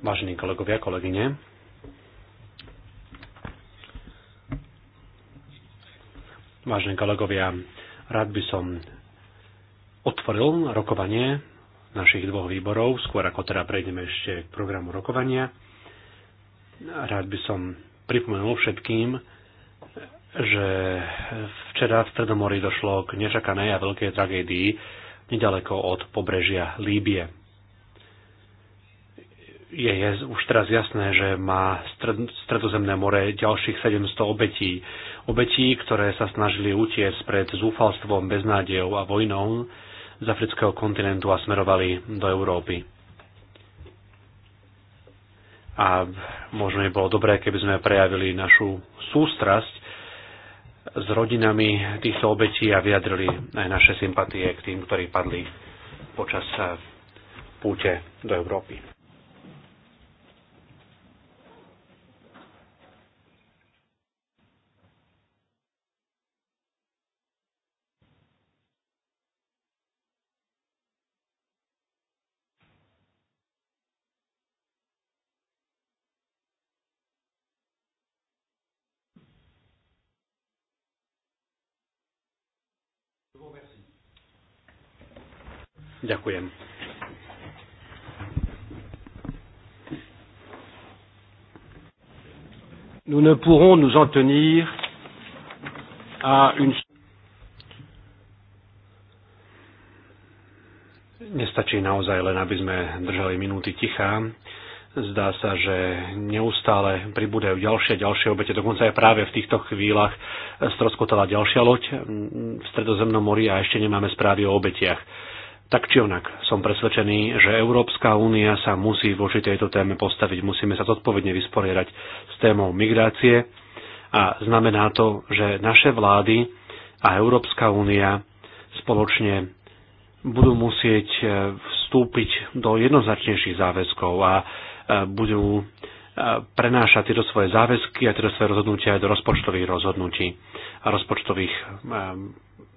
Vážení kolegovia, kolegyne, vážení kolegovia, rád by som otvoril rokovanie našich dvoch výborov, skôr ako teda prejdeme ešte k programu rokovania. Rád by som pripomenul všetkým, že včera v Stredomorí došlo k nečakanej a veľkej tragédii, nedaleko od pobrežia Líbie. Je, je už teraz jasné, že má stred, Stredozemné more ďalších 700 obetí. Obetí, ktoré sa snažili utiecť pred zúfalstvom, beznádejou a vojnou z afrického kontinentu a smerovali do Európy a možno by bolo dobré, keby sme prejavili našu sústrasť s rodinami týchto obetí a vyjadrili aj naše sympatie k tým, ktorí padli počas eh, púte do Európy. Ďakujem. Nous ne pourrons nous en tenir à une Nestačí naozaj len, aby sme držali minúty tichá. Zdá sa, že neustále pribúdajú ďalšie, ďalšie obete. Dokonca aj práve v týchto chvíľach stroskotala ďalšia loď v Stredozemnom mori a ešte nemáme správy o obetiach tak či onak, som presvedčený, že Európska únia sa musí voči tejto téme postaviť. Musíme sa zodpovedne vysporiadať s témou migrácie a znamená to, že naše vlády a Európska únia spoločne budú musieť e, vstúpiť do jednoznačnejších záväzkov a e, budú e, prenášať tieto svoje záväzky a tieto svoje rozhodnutia aj do rozpočtových rozhodnutí a rozpočtových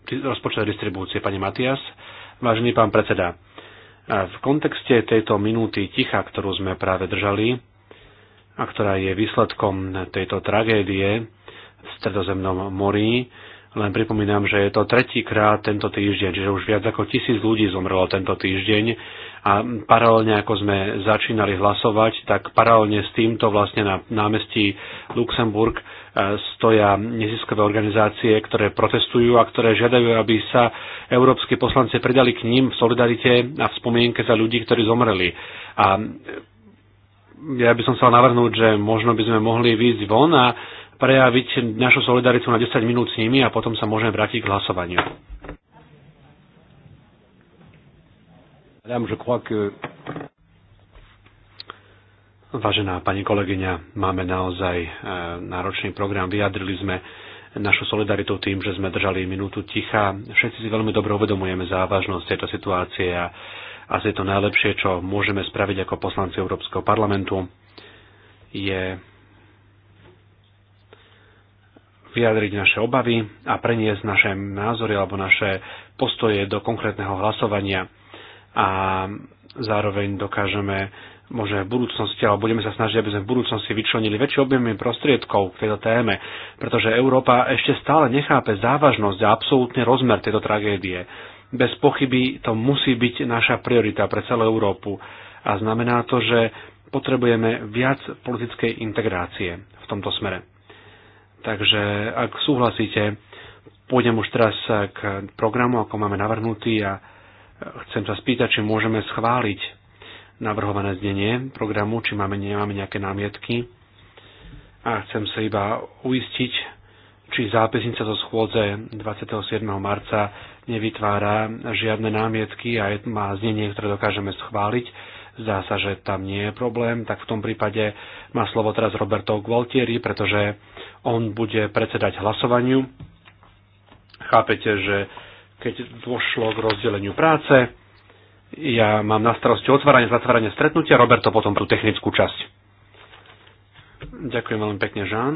rozpočtové distribúcie. Pani Matias, Vážený pán predseda, v kontexte tejto minúty ticha, ktorú sme práve držali a ktorá je výsledkom tejto tragédie v Stredozemnom mori, len pripomínam, že je to tretíkrát tento týždeň, čiže už viac ako tisíc ľudí zomrelo tento týždeň a paralelne ako sme začínali hlasovať, tak paralelne s týmto vlastne na námestí Luxemburg stoja neziskové organizácie, ktoré protestujú a ktoré žiadajú, aby sa európsky poslanci pridali k ním v solidarite a v spomienke za ľudí, ktorí zomreli. A ja by som chcel navrhnúť, že možno by sme mohli výjsť von a prejaviť našu solidaritu na 10 minút s nimi a potom sa môžeme vrátiť k hlasovaniu. Madame, je crois que Vážená pani kolegyňa, máme naozaj e, náročný program. Vyjadrili sme našu solidaritu tým, že sme držali minútu ticha. Všetci si veľmi dobre uvedomujeme závažnosť tejto situácie a asi to najlepšie, čo môžeme spraviť ako poslanci Európskeho parlamentu, je vyjadriť naše obavy a preniesť naše názory alebo naše postoje do konkrétneho hlasovania a zároveň dokážeme môže v budúcnosti, alebo budeme sa snažiť, aby sme v budúcnosti vyčlenili väčšie objemy prostriedkov k tejto téme, pretože Európa ešte stále nechápe závažnosť a absolútny rozmer tejto tragédie. Bez pochyby to musí byť naša priorita pre celú Európu a znamená to, že potrebujeme viac politickej integrácie v tomto smere. Takže ak súhlasíte, pôjdem už teraz k programu, ako máme navrhnutý a chcem sa spýtať, či môžeme schváliť navrhované znenie programu, či máme, nemáme nejaké námietky. A chcem sa iba uistiť, či zápisnica zo schôdze 27. marca nevytvára žiadne námietky a má znenie, ktoré dokážeme schváliť. Zdá sa, že tam nie je problém, tak v tom prípade má slovo teraz Roberto Gualtieri, pretože on bude predsedať hlasovaniu. Chápete, že keď došlo k rozdeleniu práce, ja mám na starosti otváranie, zatváranie stretnutia, Roberto potom tú technickú časť. Ďakujem veľmi pekne, Žán.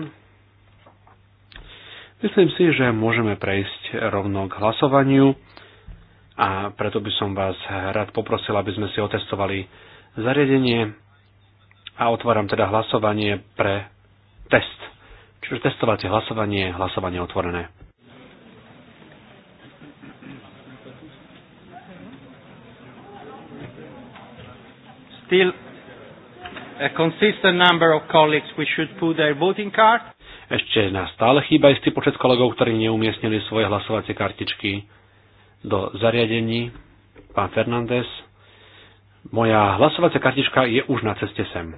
Myslím si, že môžeme prejsť rovno k hlasovaniu a preto by som vás rád poprosil, aby sme si otestovali zariadenie a otváram teda hlasovanie pre test. Čiže testovacie hlasovanie, hlasovanie otvorené. still a consistent number of colleagues which should put their voting card. Ešte nás stále chýba istý počet kolegov, ktorí neumiestnili svoje hlasovacie kartičky do zariadení. Pán Fernández, moja hlasovacia kartička je už na ceste sem.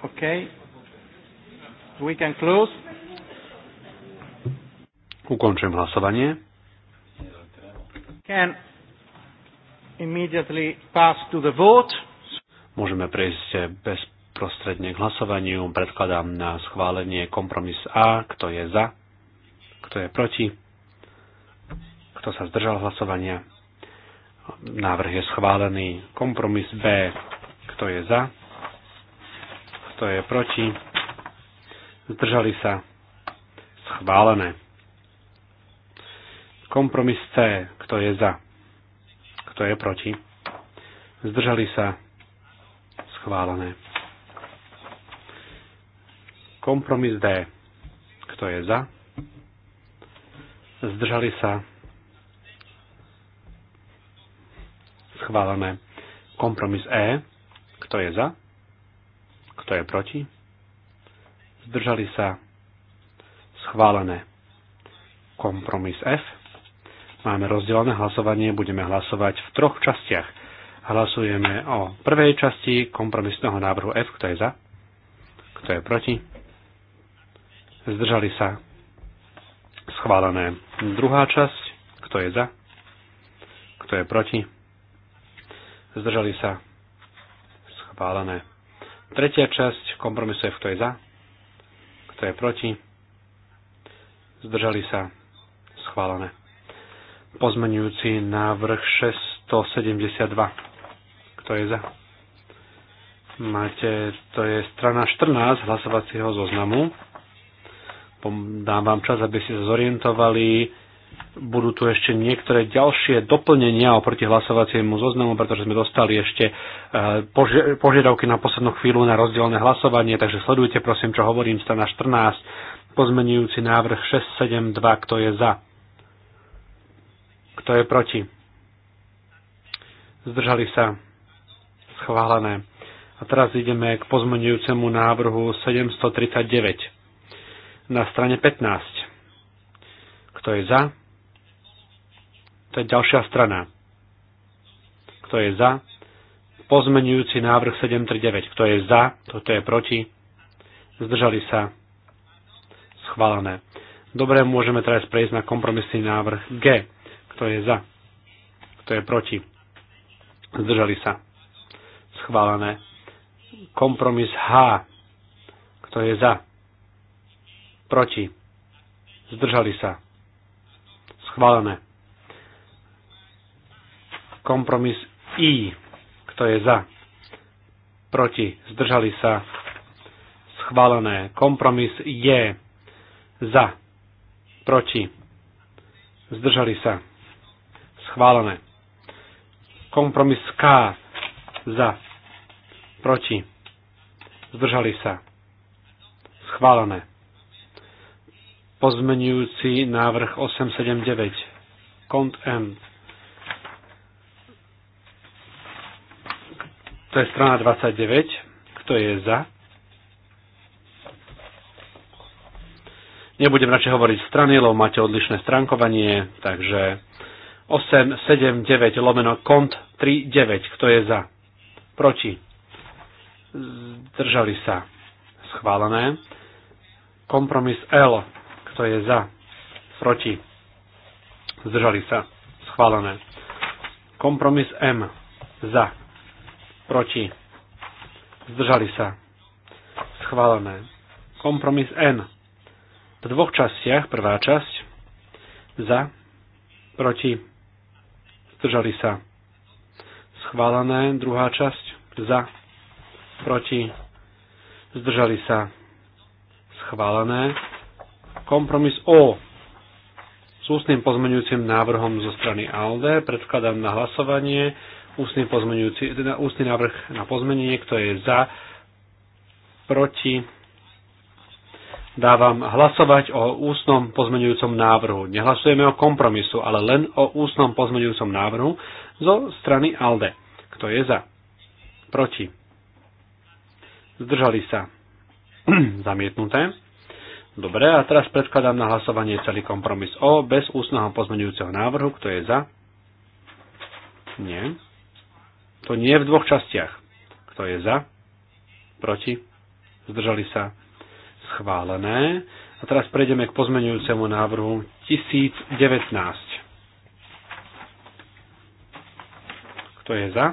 OK. We can close. Ukončujem hlasovanie can immediately pass to the vote. Môžeme prejsť eh, bezprostredne k hlasovaniu. Predkladám na schválenie kompromis A. Kto je za? Kto je proti? Kto sa zdržal hlasovania? Návrh je schválený. Kompromis B. Kto je za? Kto je proti? Zdržali sa? Schválené. Kompromis C. Kto je za? Kto je proti? Zdržali sa? Schválené. Kompromis D. Kto je za? Zdržali sa? Schválené. Kompromis E. Kto je za? Kto je proti? Zdržali sa? Schválené. Kompromis F Máme rozdelené hlasovanie, budeme hlasovať v troch častiach. Hlasujeme o prvej časti kompromisného návrhu F, kto je za, kto je proti. Zdržali sa schválené. Druhá časť, kto je za, kto je proti. Zdržali sa schválené. Tretia časť kompromisu F, kto je za, kto je proti. Zdržali sa schválené. Pozmenujúci návrh 672. Kto je za? Máte, to je strana 14 hlasovacieho zoznamu. Dám vám čas, aby ste sa zorientovali. Budú tu ešte niektoré ďalšie doplnenia oproti hlasovaciemu zoznamu, pretože sme dostali ešte eh, požiadavky na poslednú chvíľu na rozdielne hlasovanie, takže sledujte prosím, čo hovorím, strana 14, pozmenujúci návrh 672, kto je za. Kto je proti? Zdržali sa. Schválené. A teraz ideme k pozmenujúcemu návrhu 739 na strane 15. Kto je za? To je ďalšia strana. Kto je za? Pozmenujúci návrh 739. Kto je za? Toto je proti. Zdržali sa. Schválené. Dobre, môžeme teraz prejsť na kompromisný návrh G. Kto je za? Kto je proti? Zdržali sa. Schválené. Kompromis H. Kto je za? Proti. Zdržali sa. Schválené. Kompromis I. Kto je za? Proti. Zdržali sa. Schválené. Kompromis J. Za. Proti. Zdržali sa schválené. Kompromis K za, proti, zdržali sa, schválené. Pozmenujúci návrh 879, kont M. To je strana 29. Kto je za? Nebudem radšej hovoriť strany, lebo máte odlišné stránkovanie, takže 879 lomeno kont 39. Kto je za? Proti? Zdržali sa. Schválené. Kompromis L. Kto je za? Proti? Zdržali sa. Schválené. Kompromis M. Za. Proti. Zdržali sa. Schválené. Kompromis N. V dvoch častiach. Prvá časť. Za. Proti zdržali sa. Schválené, druhá časť, za, proti, zdržali sa. Schválené. Kompromis O s ústnym pozmeňujúcim návrhom zo strany ALDE predkladám na hlasovanie ústny, pozmeňujúci, teda ústny návrh na pozmenenie, kto je za, proti, Dávam hlasovať o ústnom pozmeňujúcom návrhu. Nehlasujeme o kompromisu, ale len o ústnom pozmeňujúcom návrhu zo strany ALDE. Kto je za? Proti. Zdržali sa. Zamietnuté. Dobre, a teraz predkladám na hlasovanie celý kompromis O bez ústneho pozmeňujúceho návrhu. Kto je za? Nie. To nie je v dvoch častiach. Kto je za? Proti? Zdržali sa? schválené. A teraz prejdeme k pozmenujúcemu návrhu 1019. Kto je za?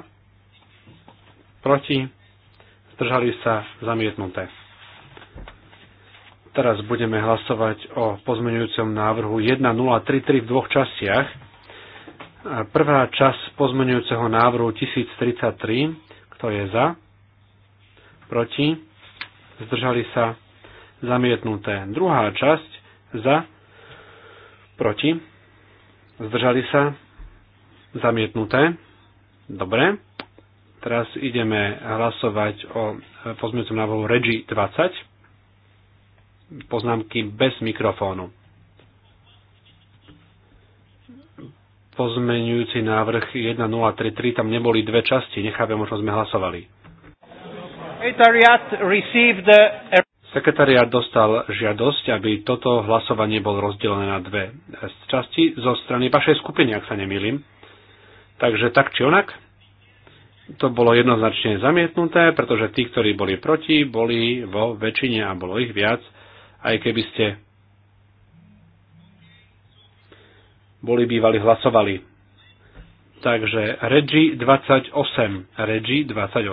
Proti? Zdržali sa zamietnuté. Teraz budeme hlasovať o pozmeňujúcom návrhu 1033 v dvoch častiach. Prvá časť pozmenujúceho návrhu 1033. Kto je za? Proti? Zdržali sa zamietnuté. Druhá časť za, proti, zdržali sa, zamietnuté. Dobre. Teraz ideme hlasovať o pozmeňujúcom návrhu Regi 20. Poznámky bez mikrofónu. Pozmeňujúci návrh 1033, tam neboli dve časti, nechápem, o čom sme hlasovali. Secretariat received a Sekretariat dostal žiadosť, aby toto hlasovanie bol rozdelené na dve časti zo strany vašej skupiny, ak sa nemýlim. Takže tak či onak, to bolo jednoznačne zamietnuté, pretože tí, ktorí boli proti, boli vo väčšine a bolo ich viac, aj keby ste boli bývali hlasovali. Takže Regi 28. Regi 28.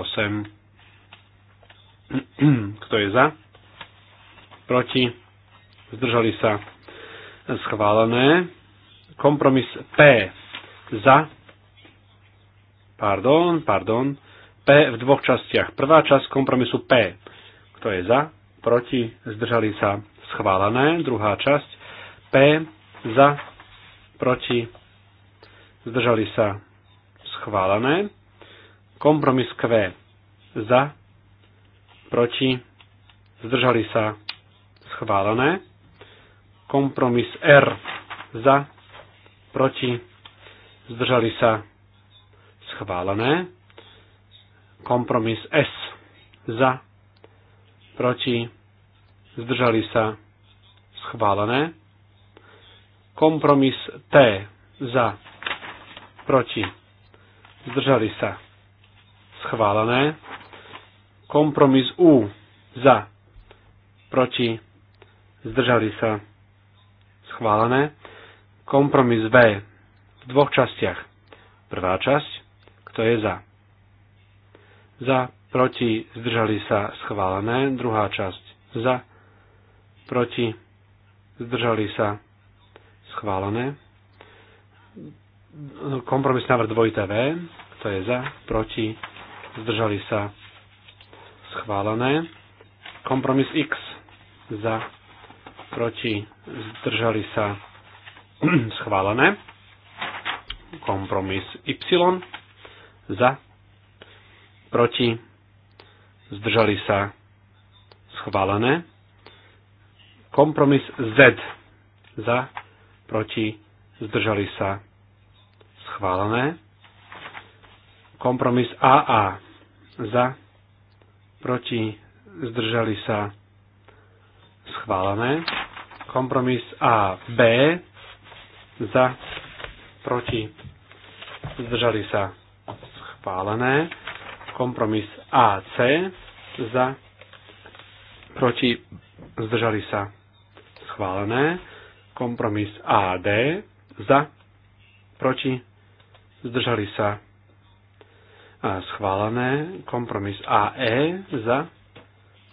Kto je za? proti, zdržali sa schválené. Kompromis P za, pardon, pardon, P v dvoch častiach. Prvá časť kompromisu P, kto je za, proti, zdržali sa schválené. Druhá časť P za, proti, zdržali sa schválené. Kompromis Q za, proti, zdržali sa schválené. Kompromis R za, proti, zdržali sa, schválené. Kompromis S za, proti, zdržali sa, schválené. Kompromis T za, proti, zdržali sa, schválené. Kompromis U za, proti, zdržali sa schválené. Kompromis B v dvoch častiach. Prvá časť, kto je za? Za, proti, zdržali sa schválené. Druhá časť, za, proti, zdržali sa schválené. Kompromis návrh dvojité V, kto je za, proti, zdržali sa schválené. Kompromis X za, proti, zdržali sa schválené. Kompromis Y za, proti, zdržali sa schválené. Kompromis Z za, proti, zdržali sa schválené. Kompromis AA za, proti, zdržali sa schválené schválené. Kompromis A, B, za, proti, zdržali sa, schválené. Kompromis A, C, za, proti, zdržali sa, schválené. Kompromis A, D, za, proti, zdržali sa, a schválené. Kompromis A, E, za,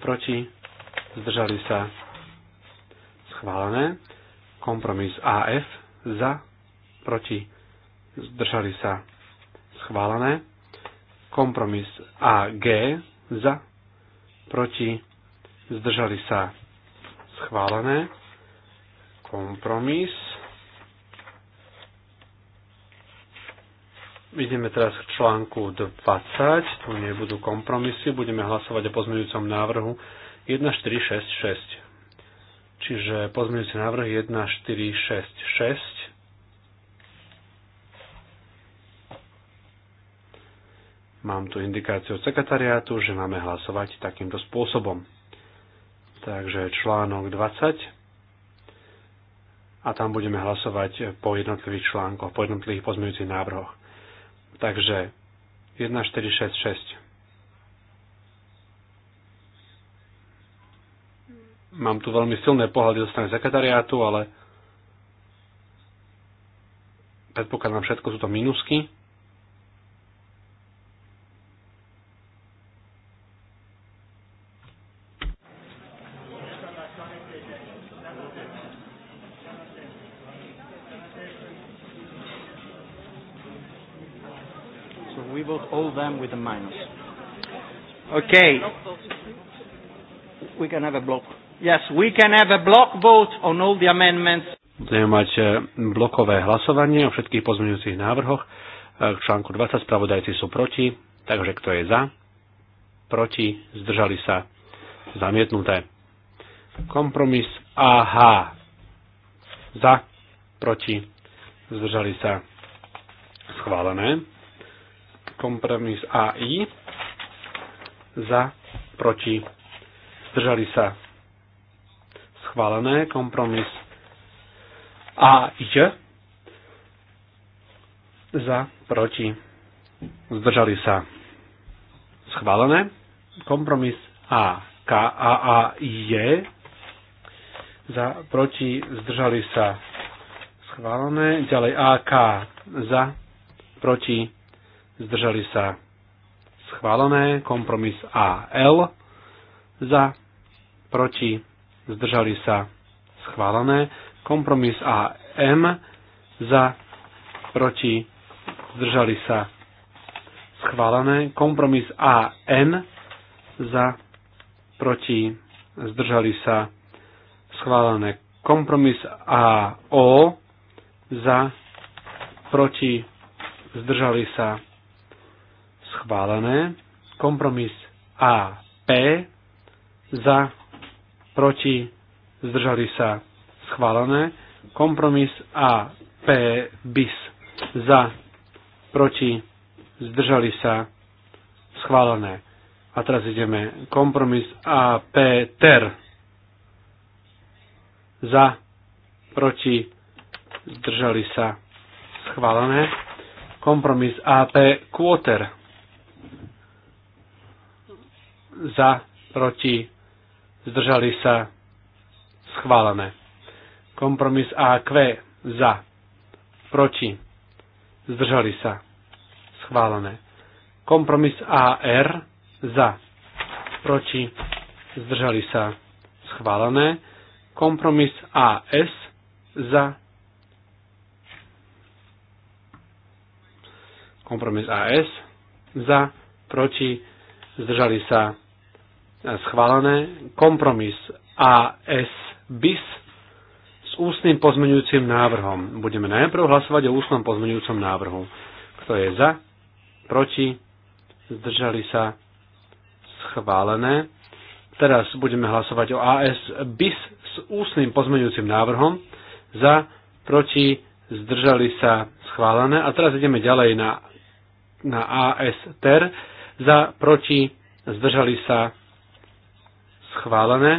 proti, zdržali sa, schválené. Kompromis AF za, proti, zdržali sa schválené. Kompromis AG za, proti, zdržali sa schválené. Kompromis. Ideme teraz k článku 20. Tu nebudú kompromisy. Budeme hlasovať o pozmeňujúcom návrhu 1466 Čiže pozmeňujúci návrh 1, 4, 6, 6. Mám tu indikáciu od sekretariátu, že máme hlasovať takýmto spôsobom. Takže článok 20 a tam budeme hlasovať po jednotlivých článkoch, po jednotlivých pozmeňujúcich návrhoch. Takže 1, 4, 6, 6. Mám tu veľmi silné pohľady zo strany sekretariátu, ale predpokladám všetko sú to minusky. them with a minus. Okay. We can have a block. Yes, we can have a block vote on all the amendments. Budeme mať e, blokové hlasovanie o všetkých pozmeňujúcich návrhoch. E, k článku 20 spravodajci sú proti, takže kto je za? Proti, zdržali sa, zamietnuté. Kompromis AH. Za, proti, zdržali sa, schválené. Kompromis AI. Za, proti, zdržali sa, schválené. Kompromis J za, proti, zdržali sa schválené. Kompromis A, K, A, A, J za, proti, zdržali sa schválené. Ďalej AK za, proti, zdržali sa schválené. Kompromis AL za, proti, zdržali sa schválené. Kompromis A M za, proti, zdržali sa schválené. Kompromis A N za, proti, zdržali sa schválené. Kompromis A. O. za, proti, zdržali sa schválené. Kompromis A. P. za, proti, zdržali sa schválené. Kompromis A, P, bis, za, proti, zdržali sa schválené. A teraz ideme kompromis A, P, ter, za, proti, zdržali sa schválené. Kompromis AP quarter za proti zdržali sa, schválené. Kompromis AQ za, proti, zdržali sa, schválené. Kompromis AR za, proti, zdržali sa, schválené. Kompromis AS za, kompromis AS za, proti, zdržali sa, schválené. Kompromis AS bis s ústnym pozmenujúcim návrhom. Budeme najprv hlasovať o ústnom pozmenujúcom návrhu. Kto je za? Proti? Zdržali sa? Schválené. Teraz budeme hlasovať o AS bis s ústnym pozmenujúcim návrhom. Za? Proti? Zdržali sa? Schválené. A teraz ideme ďalej na, na AS TER. Za? Proti? Zdržali sa? Schválené.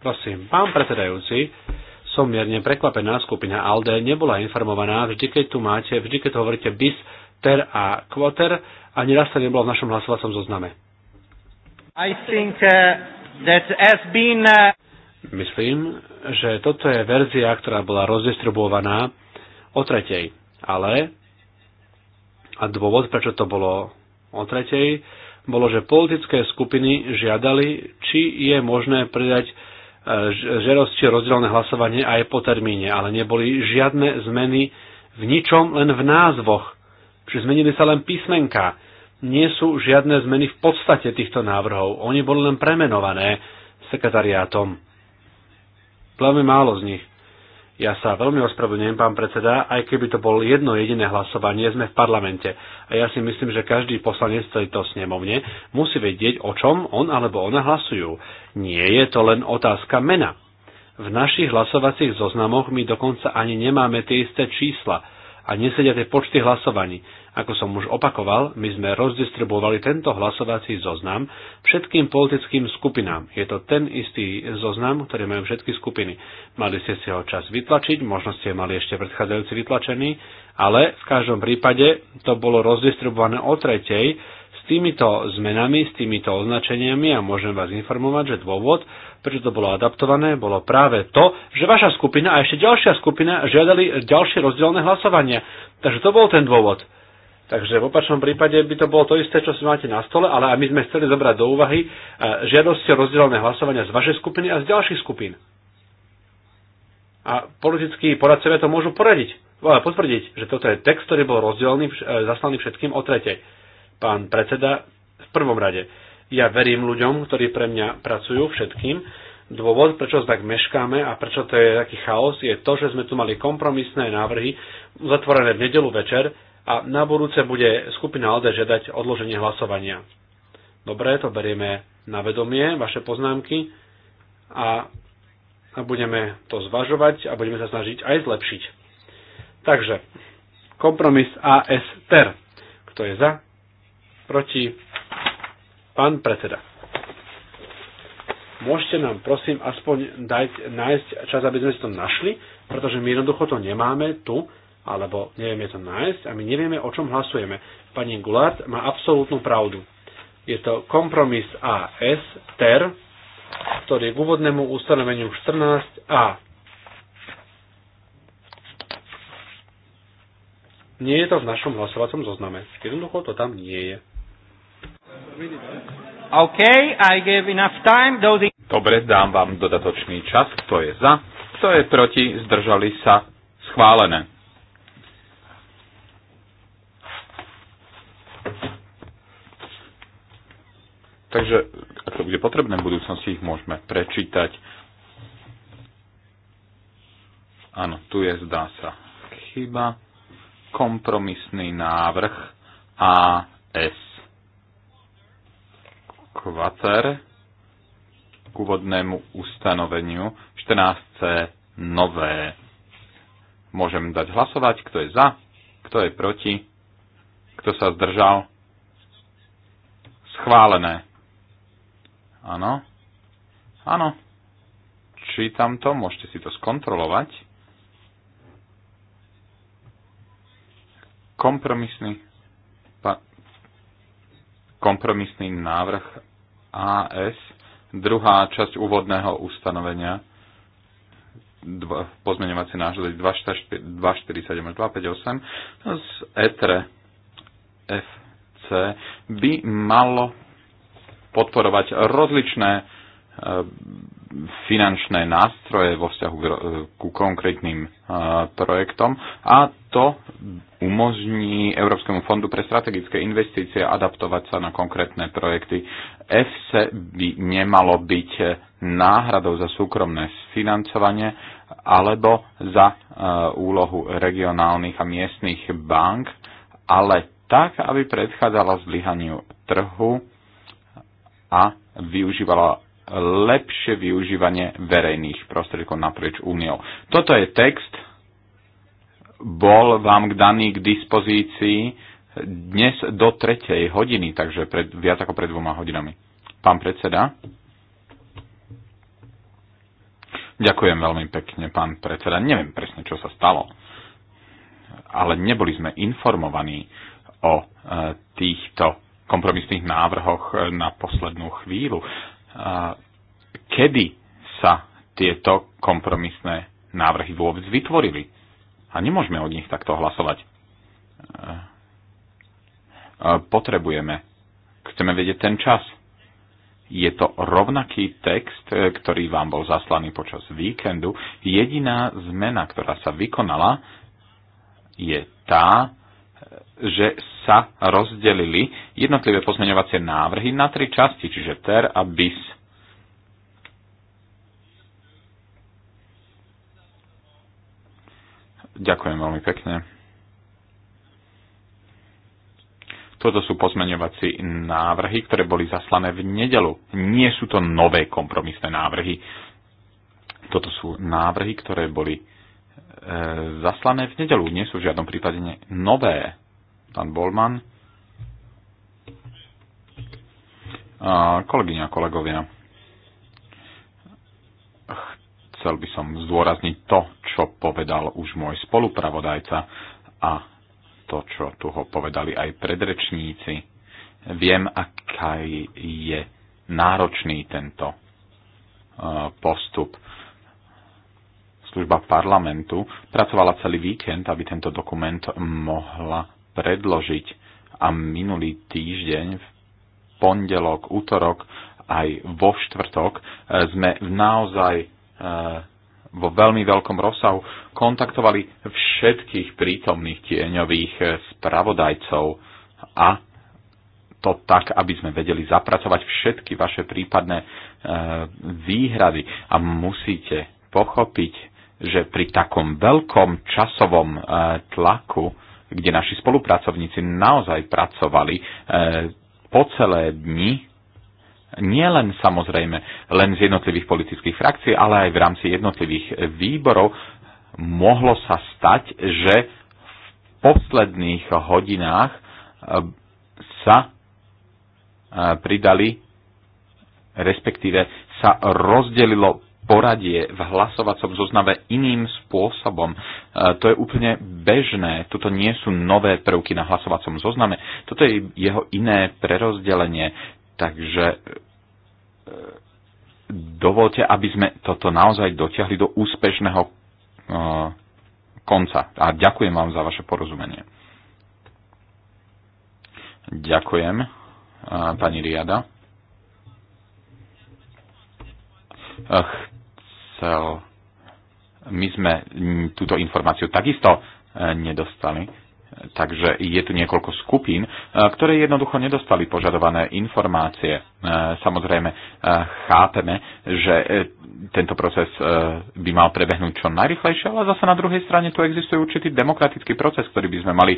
Prosím, pán predsedajúci, som mierne prekvapená, skupina ALDE nebola informovaná, vždy keď tu máte, vždy keď hovoríte bis, ter a quoter, ani raz sa nebolo v našom hlasovacom zozname. I think, uh, that has been, uh... Myslím, že toto je verzia, ktorá bola rozdistribuovaná o tretej. Ale a dôvod, prečo to bolo o tretej, bolo, že politické skupiny žiadali, či je možné pridať e, žerosť či rozdielne hlasovanie aj po termíne, ale neboli žiadne zmeny v ničom, len v názvoch. Čiže zmenili sa len písmenka. Nie sú žiadne zmeny v podstate týchto návrhov. Oni boli len premenované sekretariátom. Veľmi málo z nich. Ja sa veľmi ospravedlňujem, pán predseda, aj keby to bol jedno jediné hlasovanie, sme v parlamente. A ja si myslím, že každý poslanec tejto snemovne musí vedieť, o čom on alebo ona hlasujú. Nie je to len otázka mena. V našich hlasovacích zoznamoch my dokonca ani nemáme tie isté čísla a nesedia tie počty hlasovaní. Ako som už opakoval, my sme rozdistribuovali tento hlasovací zoznam všetkým politickým skupinám. Je to ten istý zoznam, ktorý majú všetky skupiny. Mali ste si ho čas vytlačiť, možno ste mali ešte predchádzajúci vytlačený, ale v každom prípade to bolo rozdistribuované o tretej s týmito zmenami, s týmito označeniami a môžem vás informovať, že dôvod, prečo to bolo adaptované, bolo práve to, že vaša skupina a ešte ďalšia skupina žiadali ďalšie rozdielne hlasovanie. Takže to bol ten dôvod. Takže v opačnom prípade by to bolo to isté, čo si máte na stole, ale aj my sme chceli zobrať do úvahy e, žiadosti o rozdielne hlasovania z vašej skupiny a z ďalších skupín. A politickí poradcovia to môžu poradiť, ale potvrdiť, že toto je text, ktorý bol rozdielný, e, zaslaný všetkým o tretej. Pán predseda v prvom rade. Ja verím ľuďom, ktorí pre mňa pracujú, všetkým. Dôvod, prečo tak meškáme a prečo to je taký chaos, je to, že sme tu mali kompromisné návrhy zatvorené v nedelu večer a na budúce bude skupina LD žiadať odloženie hlasovania. Dobre, to berieme na vedomie, vaše poznámky a, a budeme to zvažovať a budeme sa snažiť aj zlepšiť. Takže, kompromis AS TER. Kto je za? Proti? Pán predseda, môžete nám prosím aspoň dať, nájsť čas, aby sme si to našli, pretože my jednoducho to nemáme tu, alebo nevieme to nájsť a my nevieme, o čom hlasujeme. Pani Gulard má absolútnu pravdu. Je to kompromis AS TER, ktorý je k úvodnému ustanoveniu 14a. Nie je to v našom hlasovacom zozname. Jednoducho to tam nie je. Okay, I gave enough time. Those... Dobre, dám vám dodatočný čas. Kto je za? Kto je proti? Zdržali sa? Schválené. Takže, ak to bude potrebné v budúcnosti, ich môžeme prečítať. Áno, tu je, zdá sa, chyba. Kompromisný návrh AS. Kvater k úvodnému ustanoveniu 14c nové. Môžem dať hlasovať, kto je za, kto je proti, kto sa zdržal. Schválené. Áno. Áno. Čítam to, môžete si to skontrolovať. Kompromisný kompromisný návrh AS, druhá časť úvodného ustanovenia, dva, pozmeňovacie 247 až 258 z ETRE FC by malo podporovať rozličné eh, finančné nástroje vo vzťahu ku konkrétnym projektom a to umožní Európskemu fondu pre strategické investície adaptovať sa na konkrétne projekty. EFSE by nemalo byť náhradou za súkromné financovanie alebo za úlohu regionálnych a miestnych bank, ale tak, aby predchádzala zlyhaniu trhu a využívala lepšie využívanie verejných prostriedkov naprieč úniou. Toto je text, bol vám k daný k dispozícii dnes do tretej hodiny, takže pred, viac ako pred dvoma hodinami. Pán predseda. Ďakujem veľmi pekne, pán predseda. Neviem presne, čo sa stalo, ale neboli sme informovaní o e, týchto kompromisných návrhoch e, na poslednú chvíľu kedy sa tieto kompromisné návrhy vôbec vytvorili. A nemôžeme od nich takto hlasovať. E, e, potrebujeme. Chceme vedieť ten čas. Je to rovnaký text, e, ktorý vám bol zaslaný počas víkendu. Jediná zmena, ktorá sa vykonala, je tá, že sa rozdelili jednotlivé pozmeňovacie návrhy na tri časti, čiže ter a bis. Ďakujem veľmi pekne. Toto sú pozmeňovací návrhy, ktoré boli zaslané v nedelu. Nie sú to nové kompromisné návrhy. Toto sú návrhy, ktoré boli E, zaslané v nedelu. Nie sú v žiadnom prípade nové. Pán Bolman. A kolegyňa a kolegovia. Chcel by som zdôrazniť to, čo povedal už môj spolupravodajca a to, čo tu ho povedali aj predrečníci. Viem, aký je náročný tento e, postup služba parlamentu pracovala celý víkend, aby tento dokument mohla predložiť. A minulý týždeň, v pondelok, útorok, aj vo štvrtok e, sme naozaj e, vo veľmi veľkom rozsahu kontaktovali všetkých prítomných tieňových e, spravodajcov a to tak, aby sme vedeli zapracovať všetky vaše prípadné výhrady. A musíte pochopiť, že pri takom veľkom časovom e, tlaku, kde naši spolupracovníci naozaj pracovali e, po celé dni, nie len samozrejme len z jednotlivých politických frakcií, ale aj v rámci jednotlivých výborov, mohlo sa stať, že v posledných hodinách e, sa pridali, respektíve sa rozdelilo poradie v hlasovacom zozname iným spôsobom. E, to je úplne bežné. Toto nie sú nové prvky na hlasovacom zozname. Toto je jeho iné prerozdelenie. Takže e, dovolte, aby sme toto naozaj dotiahli do úspešného e, konca. A ďakujem vám za vaše porozumenie. Ďakujem, pani Riada chcel. My sme túto informáciu takisto e, nedostali. Takže je tu niekoľko skupín, e, ktoré jednoducho nedostali požadované informácie. E, samozrejme, chápeme, že tento proces by mal prebehnúť čo najrychlejšie, ale zase na druhej strane tu existuje určitý demokratický proces, ktorý by sme mali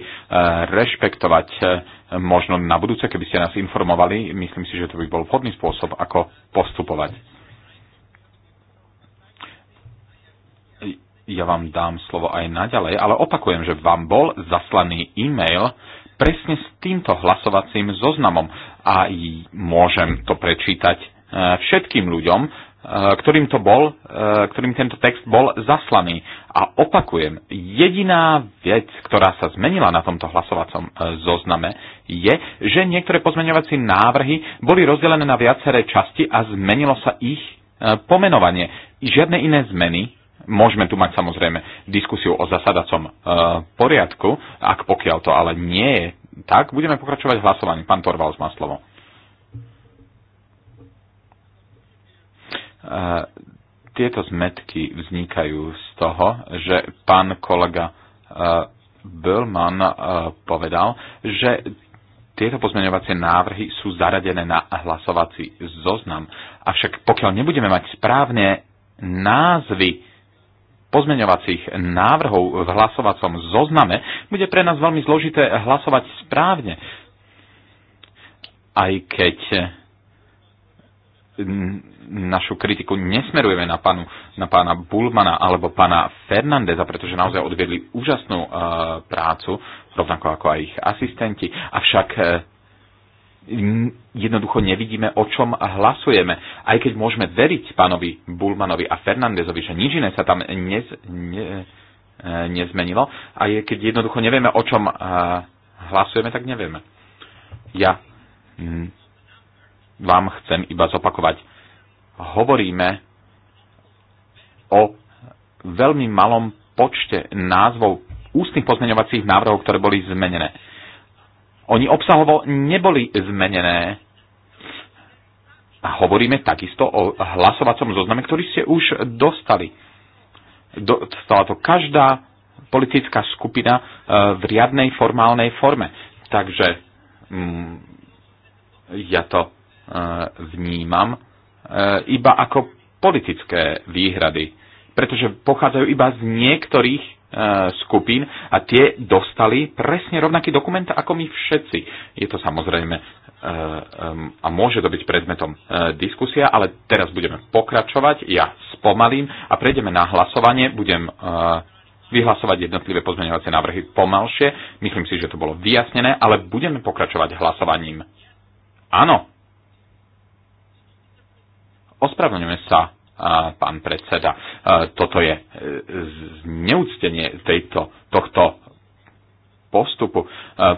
rešpektovať možno na budúce, keby ste nás informovali. Myslím si, že to by bol vhodný spôsob, ako postupovať. ja vám dám slovo aj naďalej, ale opakujem, že vám bol zaslaný e-mail presne s týmto hlasovacím zoznamom a môžem to prečítať e, všetkým ľuďom, e, ktorým, to bol, e, ktorým tento text bol zaslaný. A opakujem, jediná vec, ktorá sa zmenila na tomto hlasovacom zozname, je, že niektoré pozmeňovací návrhy boli rozdelené na viaceré časti a zmenilo sa ich pomenovanie. Žiadne iné zmeny Môžeme tu mať samozrejme diskusiu o zasadacom e, poriadku, ak pokiaľ to ale nie je tak, budeme pokračovať v hlasovaní. Pán Torvalds má slovo. E, tieto zmetky vznikajú z toho, že pán kolega e, Böllman povedal, že tieto pozmeňovacie návrhy sú zaradené na hlasovací zoznam. Avšak pokiaľ nebudeme mať správne názvy pozmeňovacích návrhov v hlasovacom zozname, bude pre nás veľmi zložité hlasovať správne. Aj keď našu kritiku nesmerujeme na, panu, na pána Bulmana alebo pána Fernandeza, pretože naozaj odviedli úžasnú uh, prácu, rovnako ako aj ich asistenti. Avšak uh, jednoducho nevidíme, o čom hlasujeme. Aj keď môžeme veriť pánovi Bulmanovi a Fernandezovi, že nič iné sa tam nez, ne, e, nezmenilo, a keď jednoducho nevieme, o čom e, hlasujeme, tak nevieme. Ja vám chcem iba zopakovať. Hovoríme o veľmi malom počte názvov ústnych pozmeňovacích návrhov, ktoré boli zmenené oni obsahovo neboli zmenené. A hovoríme takisto o hlasovacom zozname, ktorý ste už dostali. Dostala to každá politická skupina e, v riadnej formálnej forme. Takže mm, ja to e, vnímam e, iba ako politické výhrady, pretože pochádzajú iba z niektorých Eh, skupín a tie dostali presne rovnaký dokument ako my všetci. Je to samozrejme eh, a môže to byť predmetom eh, diskusia, ale teraz budeme pokračovať, ja spomalím a prejdeme na hlasovanie, budem vyhlasovať jednotlivé pozmeňovacie návrhy pomalšie, myslím si, že to bolo vyjasnené, ale budeme pokračovať hlasovaním. Áno. Ospravedlňujeme sa pán predseda. E, toto je e, zneúctenie tejto, tohto postupu, e,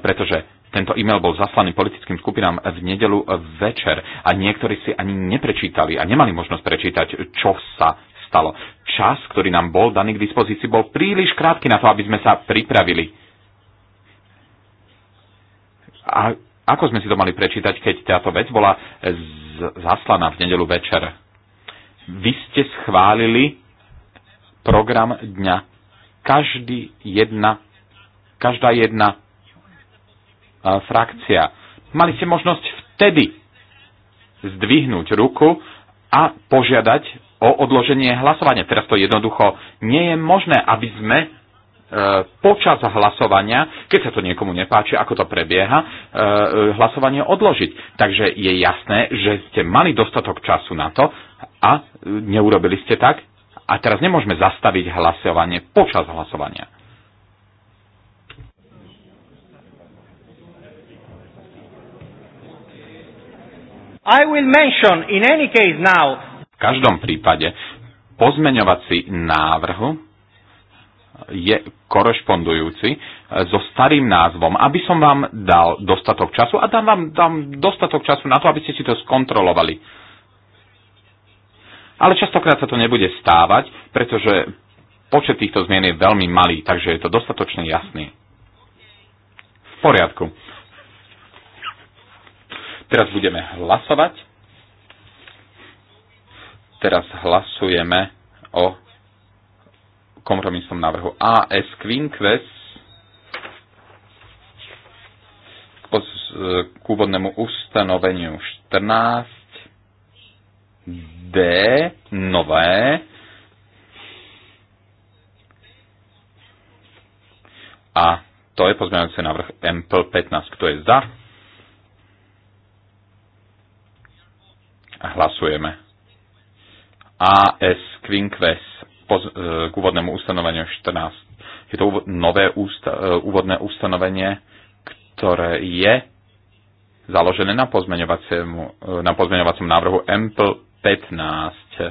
pretože tento e-mail bol zaslaný politickým skupinám v nedelu večer a niektorí si ani neprečítali a nemali možnosť prečítať, čo sa stalo. Čas, ktorý nám bol daný k dispozícii, bol príliš krátky na to, aby sme sa pripravili. A ako sme si to mali prečítať, keď táto vec bola zaslaná v nedelu večer? Vy ste schválili program dňa. Každý jedna, každá jedna e, frakcia. Mali ste možnosť vtedy zdvihnúť ruku a požiadať o odloženie hlasovania. Teraz to jednoducho nie je možné, aby sme E, počas hlasovania, keď sa to niekomu nepáči, ako to prebieha, e, e, hlasovanie odložiť. Takže je jasné, že ste mali dostatok času na to a neurobili ste tak. A teraz nemôžeme zastaviť hlasovanie počas hlasovania. I will mention in any case now. V každom prípade pozmeňovací návrhu je korešpondujúci e, so starým názvom, aby som vám dal dostatok času a dám vám dám dostatok času na to, aby ste si to skontrolovali. Ale častokrát sa to nebude stávať, pretože počet týchto zmien je veľmi malý, takže je to dostatočne jasný. V poriadku. Teraz budeme hlasovať. Teraz hlasujeme o kompromisnom návrhu AS Quinques k úvodnému ustanoveniu 14 D nové a to je pozmeňujúci návrh MPL 15. Kto je za? A hlasujeme. AS Quinques poz- e, k úvodnému ustanoveniu 14. Je to nové ústa- e, úvodné ustanovenie, ktoré je založené na, e, na pozmeňovacom návrhu MPL 15.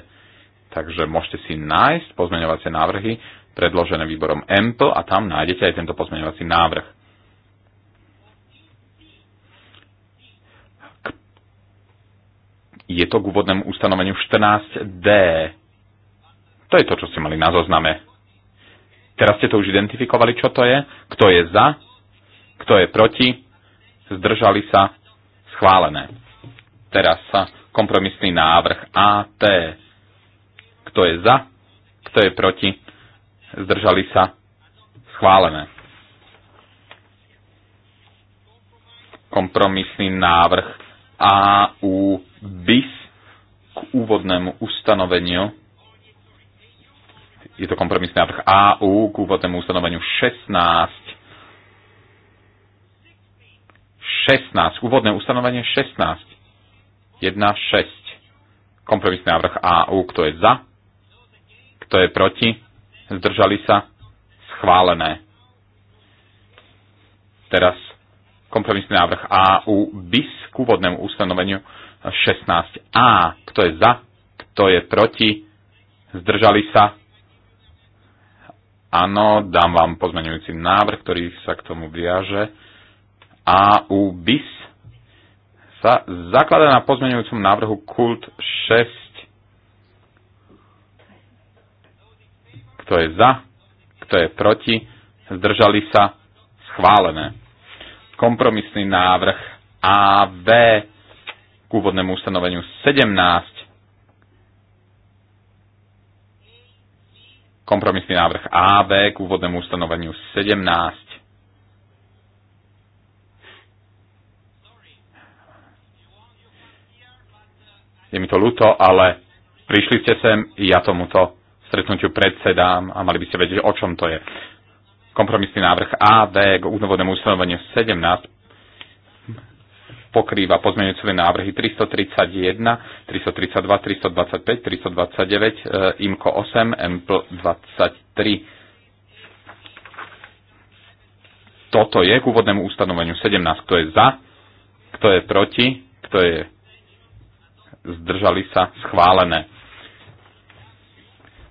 Takže môžete si nájsť pozmeňovacie návrhy predložené výborom MPL a tam nájdete aj tento pozmeňovací návrh. Je to k úvodnému ustanoveniu 14D to je to, čo ste mali na zozname. Teraz ste to už identifikovali, čo to je, kto je za, kto je proti, zdržali sa, schválené. Teraz sa kompromisný návrh AT. Kto je za, kto je proti, zdržali sa, schválené. Kompromisný návrh AU bis k úvodnému ustanoveniu je to kompromisný návrh AU k úvodnému ustanoveniu 16. 16. Úvodné ustanovenie 16. 1, 6. Kompromisný návrh AU. Kto je za? Kto je proti? Zdržali sa? Schválené. Teraz kompromisný návrh AU bis k úvodnému ustanoveniu 16a. Kto je za? Kto je proti? Zdržali sa? Áno, dám vám pozmeňujúci návrh, ktorý sa k tomu viaže. AU bis sa zaklada na pozmeňujúcom návrhu kult 6. Kto je za, kto je proti, zdržali sa, schválené. Kompromisný návrh AV k úvodnému ustanoveniu 17 Kompromisný návrh AB k úvodnému ustanoveniu 17. Je mi to ľúto, ale prišli ste sem, ja tomuto stretnutiu predsedám a mali by ste vedieť, o čom to je. Kompromisný návrh AB k úvodnému ustanoveniu 17 pokrýva pozmeňujúce návrhy 331, 332, 325, 329, IMCO 8, MPL 23 toto je k úvodnému ustanoveniu 17. Kto je za, kto je proti, kto je zdržali sa, schválené.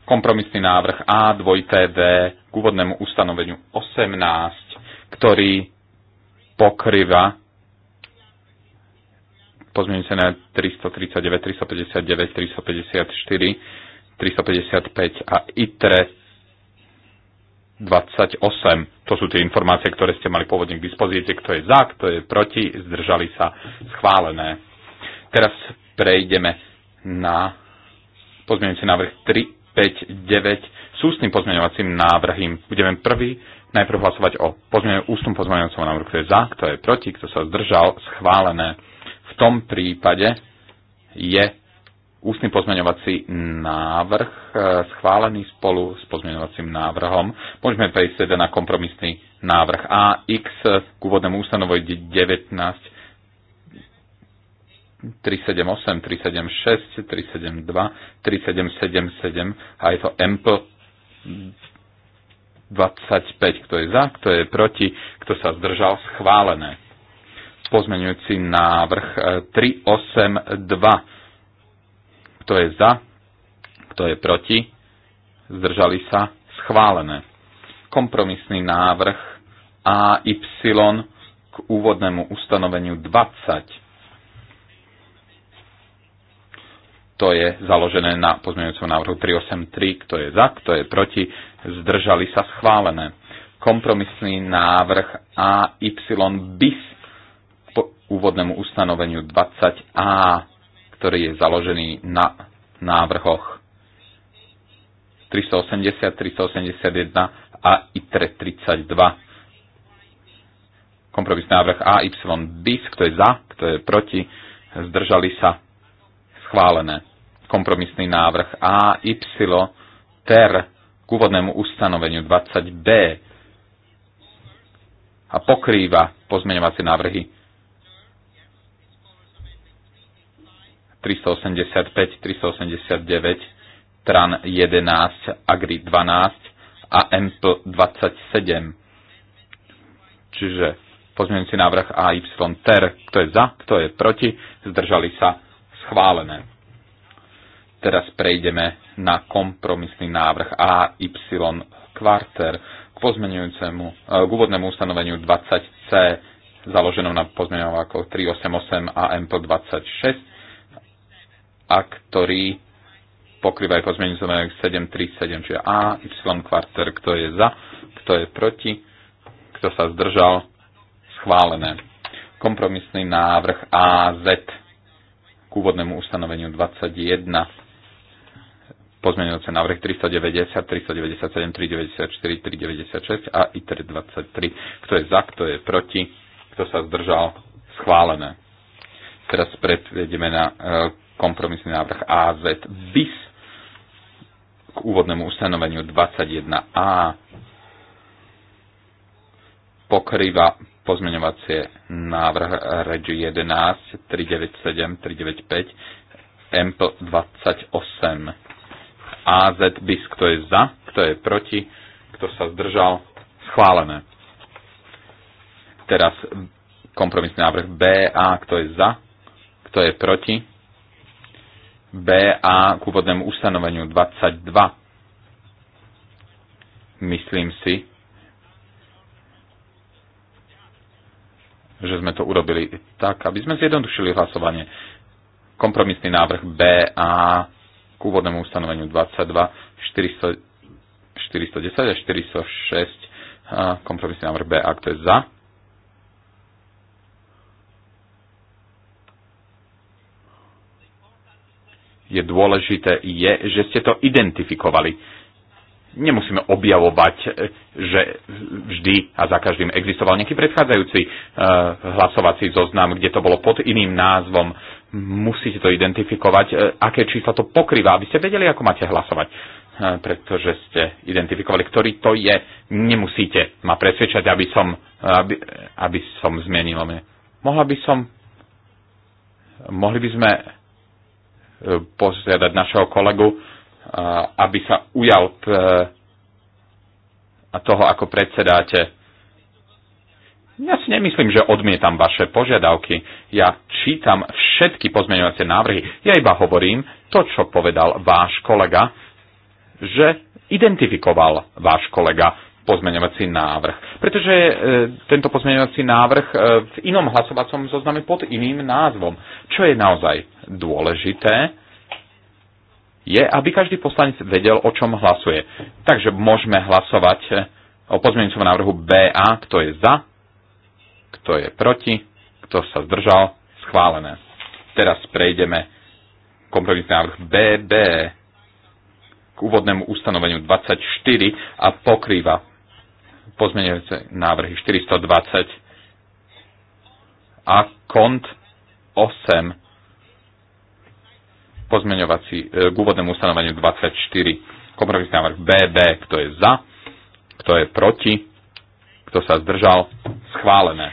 Kompromisný návrh A, 2TV k úvodnému ustanoveniu 18, ktorý pokryva pozmeňujúce na 339, 359, 354, 355 a ITRE 28. To sú tie informácie, ktoré ste mali pôvodne k dispozícii, kto je za, kto je proti, zdržali sa schválené. Teraz prejdeme na pozmeňujúci návrh 3, 5, 9 s ústnym pozmeňovacím návrhom. Budeme prvý najprv hlasovať o pozmeň, ústnom pozmeňovacom návrhu, kto je za, kto je proti, kto sa zdržal, schválené tom prípade je ústny pozmeňovací návrh e, schválený spolu s pozmeňovacím návrhom. Môžeme prejsť teda na kompromisný návrh AX k úvodnému ústanovu 19 378, 376, 372, 3777 a je to MP 25. Kto je za, kto je proti, kto sa zdržal, schválené pozmeňujúci návrh 382. E, kto je za? Kto je proti? Zdržali sa? Schválené. Kompromisný návrh AY k úvodnému ustanoveniu 20. to je založené na pozmeňujúcom návrhu 383, kto je za, kto je proti, zdržali sa schválené. Kompromisný návrh AY bis úvodnému ustanoveniu 20a, ktorý je založený na návrhoch 380, 381 a ITRE 32. Kompromis návrh A Y bis, kto je za, kto je proti, zdržali sa schválené. Kompromisný návrh A, Y ter k úvodnému ustanoveniu 20b a pokrýva pozmeňovacie návrhy 385, 389, TRAN 11, AGRI 12 a MP 27. Čiže pozmeňujúci návrh Y TER, kto je za, kto je proti, zdržali sa schválené. Teraz prejdeme na kompromisný návrh Y kvarter k pozmeňujúcemu, eh, k úvodnému ustanoveniu 20C založenom na pozmeňovákoch 388 a MP26 a ktorý pokrýva aj pozmeňujúci návrh 737, čiže A, Y kvarter, kto je za, kto je proti, kto sa zdržal, schválené. Kompromisný návrh AZ k úvodnému ustanoveniu 21, pozmeňujúce návrh 390, 397, 394, 396 a ITR 23. Kto je za, kto je proti, kto sa zdržal, schválené. Teraz prejdeme na e, kompromisný návrh AZ bis k úvodnému ustanoveniu 21a pokrýva pozmeňovacie návrh REG 11, 397, 395, MP 28. AZ bis, kto je za, kto je proti, kto sa zdržal, schválené. Teraz kompromisný návrh BA, kto je za, kto je proti, BA k úvodnému ustanoveniu 22. Myslím si, že sme to urobili tak, aby sme zjednodušili hlasovanie. Kompromisný návrh BA k úvodnému ustanoveniu 22, 400, 410 a 406, kompromisný návrh BA, kto je za, je dôležité, je, že ste to identifikovali. Nemusíme objavovať, e, že vždy a za každým existoval nejaký predchádzajúci e, hlasovací zoznam, kde to bolo pod iným názvom. Musíte to identifikovať, e, aké čísla to pokrýva, aby ste vedeli, ako máte hlasovať pretože ste identifikovali, ktorý to je. Nemusíte ma presvedčať, aby som, aby, aby som zmenil. Mohla by som mohli by sme požiadať našeho kolegu, aby sa ujal e, toho, ako predsedáte. Ja si nemyslím, že odmietam vaše požiadavky. Ja čítam všetky pozmeňovacie návrhy. Ja iba hovorím to, čo povedal váš kolega, že identifikoval váš kolega pozmeňovací návrh. Pretože e, tento pozmeňovací návrh e, v inom hlasovacom zozname pod iným názvom. Čo je naozaj dôležité, je, aby každý poslanec vedel, o čom hlasuje. Takže môžeme hlasovať e, o pozmeňujúcom návrhu BA, kto je za, kto je proti, kto sa zdržal, schválené. Teraz prejdeme kompromisný návrh BB k úvodnému ustanoveniu 24 a pokrýva pozmeňujúce návrhy 420 a kont 8 pozmeňovací e, k úvodnému ustanoveniu 24 kompromisný návrh BB, kto je za, kto je proti, kto sa zdržal, schválené.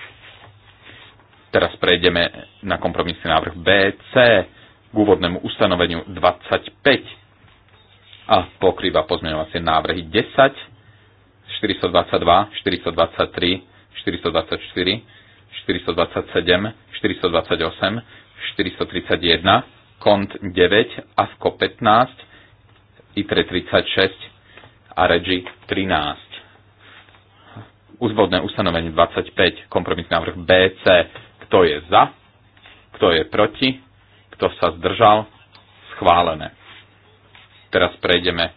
Teraz prejdeme na kompromisný návrh BC k úvodnému ustanoveniu 25 a pokrýva pozmeňovacie návrhy 10, 422, 423, 424, 427, 428, 431, kont 9, ASCO 15, ITRE 36 a REGI 13. Uzvodné ustanovenie 25, kompromis návrh BC, kto je za, kto je proti, kto sa zdržal, schválené. Teraz prejdeme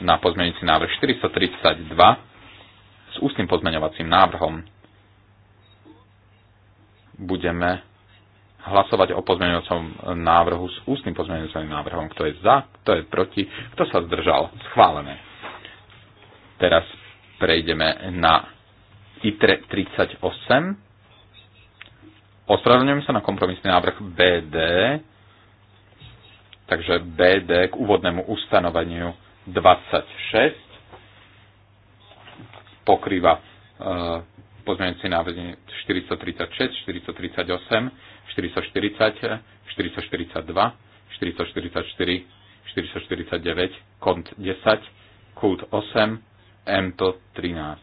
na pozmeňujúci návrh 432 s ústnym pozmeňovacím návrhom. Budeme hlasovať o pozmeňujúcom návrhu s ústnym pozmeňujúcim návrhom. Kto je za, kto je proti, kto sa zdržal. Schválené. Teraz prejdeme na ITRE 38. Ospravedlňujem sa na kompromisný návrh BD. Takže BD k úvodnému ustanoveniu 26 pokrýva e, pozmeňujúci návrh 436, 438, 440, 442, 444, 449, kont 10, kult 8, MTO 13.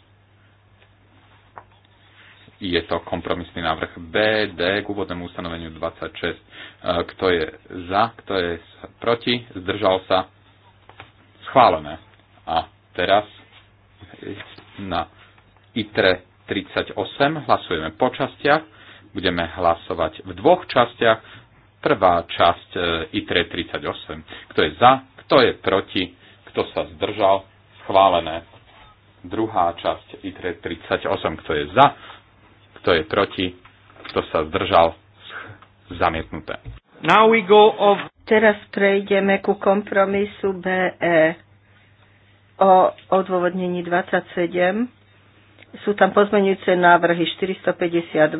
Je to kompromisný návrh BD k úvodnému ustanoveniu 26. E, kto je za, kto je proti, zdržal sa, schválené. A teraz na ITRE 38 hlasujeme po častiach. Budeme hlasovať v dvoch častiach. Prvá časť e, ITRE 38. Kto je za, kto je proti, kto sa zdržal, schválené. Druhá časť ITRE 38. Kto je za, kto je proti, kto sa zdržal, zamietnuté. Now we go of... Teraz prejdeme ku kompromisu BE o odôvodnení 27. Sú tam pozmenujúce návrhy 452, 453,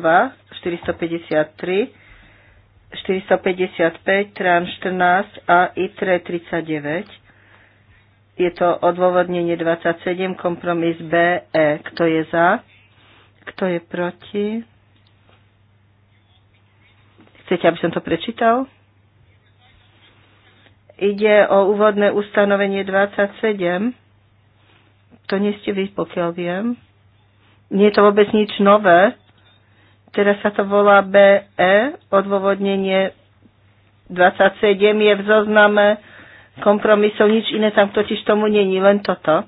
455, TRAN 14 a ITRE 39. Je to odôvodnenie 27, kompromis BE. Kto je za? Kto je proti? Chcete, aby som to prečítal? Ide o úvodné ustanovenie 27 to nie ste vy, pokiaľ viem. Nie je to vôbec nič nové. Teraz sa to volá BE, odôvodnenie 27 je v zozname kompromisov, nič iné tam totiž tomu není, len toto.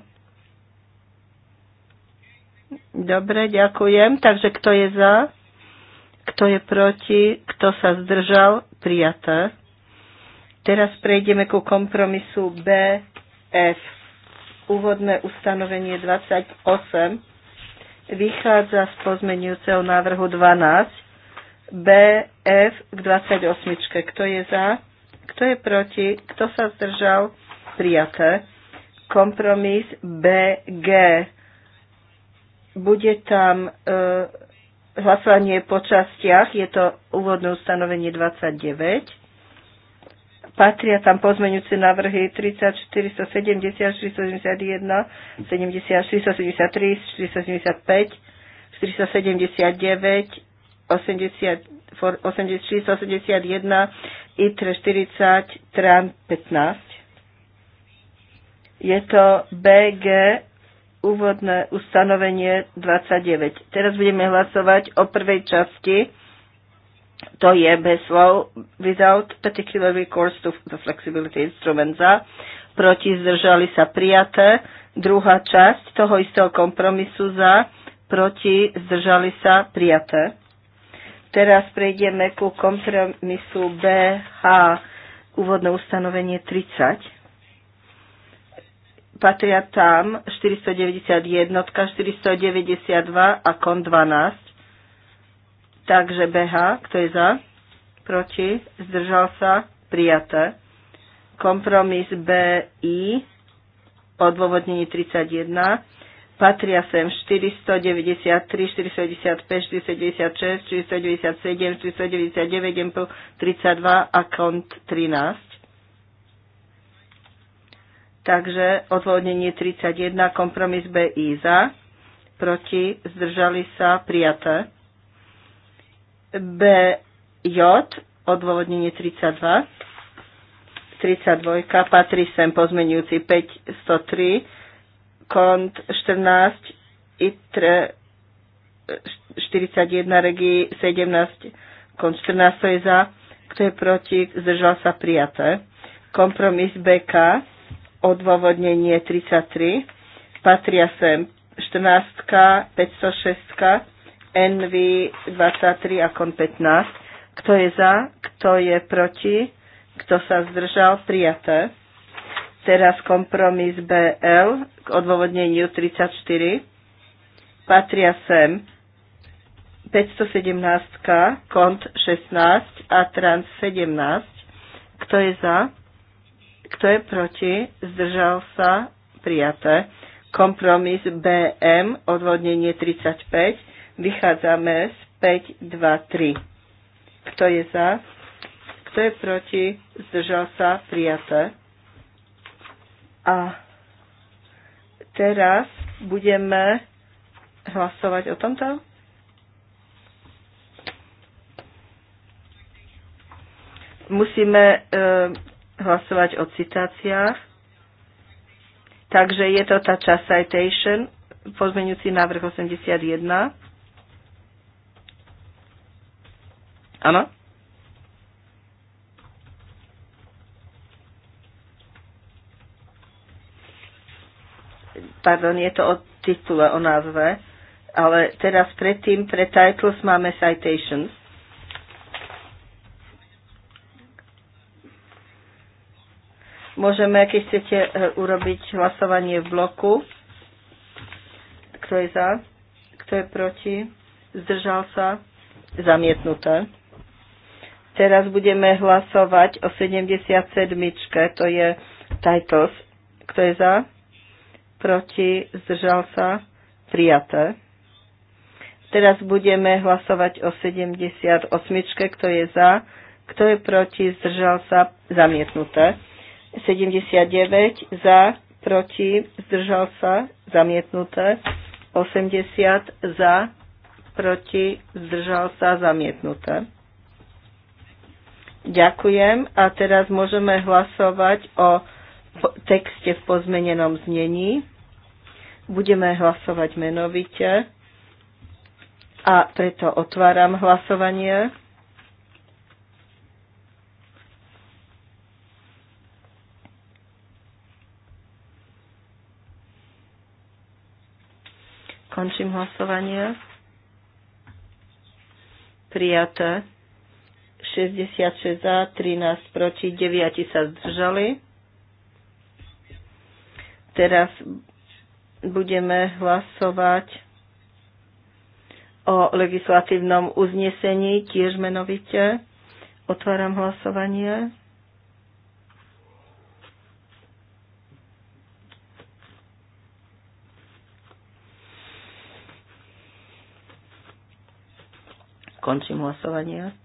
Dobre, ďakujem. Takže kto je za? Kto je proti? Kto sa zdržal? Prijaté. Teraz prejdeme ku kompromisu BF. E úvodné ustanovenie 28 vychádza z pozmenujúceho návrhu 12 BF k 28. Kto je za? Kto je proti? Kto sa zdržal? Prijaté. Kompromis BG. Bude tam e, hlasovanie po častiach. Je to úvodné ustanovenie 29. Patria tam pozmeňujúce návrhy 30, 470, 471, 70, 473, 475, 479, 80, 481, ITRE 40, TRAN 15. Je to BG úvodné ustanovenie 29. Teraz budeme hlasovať o prvej časti to je bez slov without particular recourse to the flexibility instrumenta. Proti zdržali sa prijaté. Druhá časť toho istého kompromisu za. Proti zdržali sa prijaté. Teraz prejdeme ku kompromisu BH, úvodné ustanovenie 30. Patria tam 491, 492 a KON 12. Takže BH, kto je za? Proti? Zdržal sa? Prijaté. Kompromis BI, odôvodnenie 31, patria sem 493, 495, 496, 497, 499, 32 a KONT 13. Takže odvodnenie 31, kompromis BI za, proti, zdržali sa, prijaté. BJ, odôvodnenie 32, 32, patrí sem pozmenujúci 503, kont 14, ITR 41, regi 17, kont 14, to je za, kto je proti, zdržal sa prijaté. Kompromis BK, odôvodnenie 33, patria sem 14, 506, NV 23 a KON 15. Kto je za, kto je proti, kto sa zdržal, prijaté. Teraz kompromis BL k odôvodneniu 34. Patria sem 517, kont 16 a trans 17. Kto je za? Kto je proti? Zdržal sa? Prijaté. Kompromis BM, odvodnenie 35 Vychádzame z 5, 2, 3. Kto je za? Kto je proti? Zdržal sa? Prijaté. A teraz budeme hlasovať o tomto. Musíme e, hlasovať o citáciách. Takže je to tá časť citation, pozmeňujúci návrh 81. Áno? Pardon, je to o titule, o názve. Ale teraz predtým, pre titles máme citations. Môžeme, keď chcete, e, urobiť hlasovanie v bloku. Kto je za? Kto je proti? Zdržal sa? Zamietnuté. Teraz budeme hlasovať o 77. To je Titles. Kto je za? Proti? Zdržal sa? Prijaté. Teraz budeme hlasovať o 78. Kto je za? Kto je proti? Zdržal sa? Zamietnuté. 79 za, proti, zdržal sa, zamietnuté. 80 za, proti, zdržal sa, zamietnuté. Ďakujem a teraz môžeme hlasovať o texte v pozmenenom znení. Budeme hlasovať menovite a preto otváram hlasovanie. Končím hlasovanie. Prijaté. 66 za, 13 proti, 9 sa zdržali. Teraz budeme hlasovať o legislatívnom uznesení, tiež menovite. Otváram hlasovanie. Končím hlasovanie.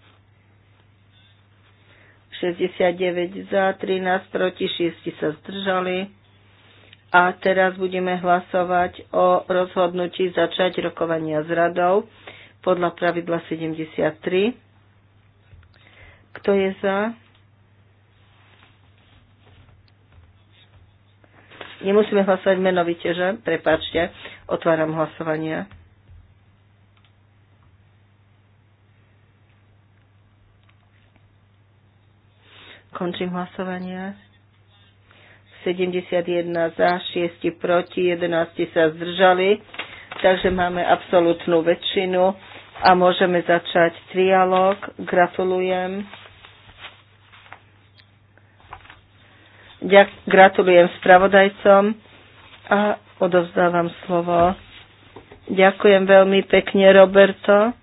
69 za, 13 proti, 6 sa zdržali. A teraz budeme hlasovať o rozhodnutí začať rokovania s radou podľa pravidla 73. Kto je za? Nemusíme hlasovať menovite, že? Prepačte, otváram hlasovanie. Končím hlasovanie. 71 za, 6 proti, 11 sa zdržali. Takže máme absolútnu väčšinu a môžeme začať trialog. Gratulujem. Ďak, gratulujem spravodajcom a odovzdávam slovo. Ďakujem veľmi pekne, Roberto.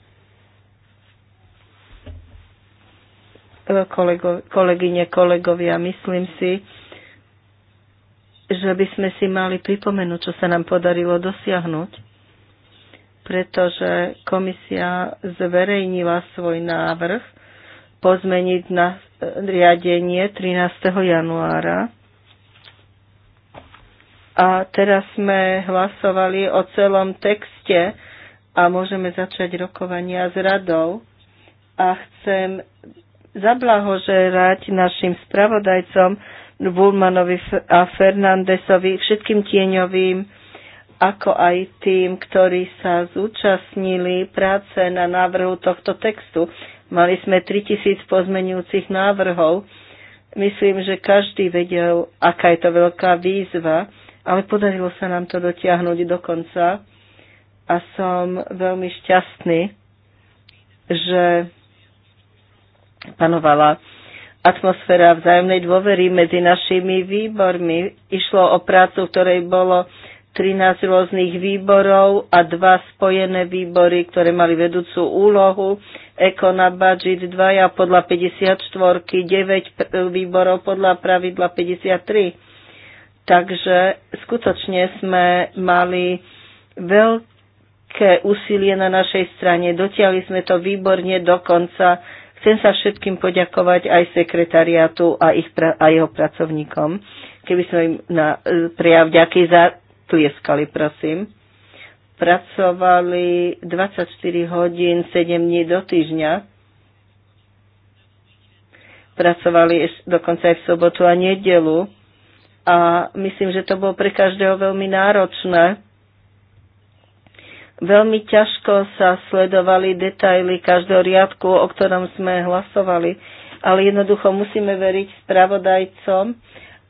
kolego, kolegyne, kolegovia. Myslím si, že by sme si mali pripomenúť, čo sa nám podarilo dosiahnuť, pretože komisia zverejnila svoj návrh pozmeniť na riadenie 13. januára. A teraz sme hlasovali o celom texte a môžeme začať rokovania s radou. A chcem zablahožerať našim spravodajcom Bulmanovi a Fernandesovi, všetkým tieňovým, ako aj tým, ktorí sa zúčastnili práce na návrhu tohto textu. Mali sme 3000 pozmenujúcich návrhov. Myslím, že každý vedel, aká je to veľká výzva, ale podarilo sa nám to dotiahnuť do konca a som veľmi šťastný, že panovala atmosféra vzájomnej dôvery medzi našimi výbormi. Išlo o prácu, v ktorej bolo 13 rôznych výborov a dva spojené výbory, ktoré mali vedúcu úlohu. na budget 2 a podľa 54, 9 výborov podľa pravidla 53. Takže skutočne sme mali veľké úsilie na našej strane. Dotiali sme to výborne do konca Chcem sa všetkým poďakovať aj sekretariátu a, ich, a jeho pracovníkom. Keby sme im na e, prejav ďaký za tlieskali, prosím. Pracovali 24 hodín, 7 dní do týždňa. Pracovali dokonca aj v sobotu a nedelu. A myslím, že to bolo pre každého veľmi náročné Veľmi ťažko sa sledovali detaily každého riadku, o ktorom sme hlasovali, ale jednoducho musíme veriť spravodajcom.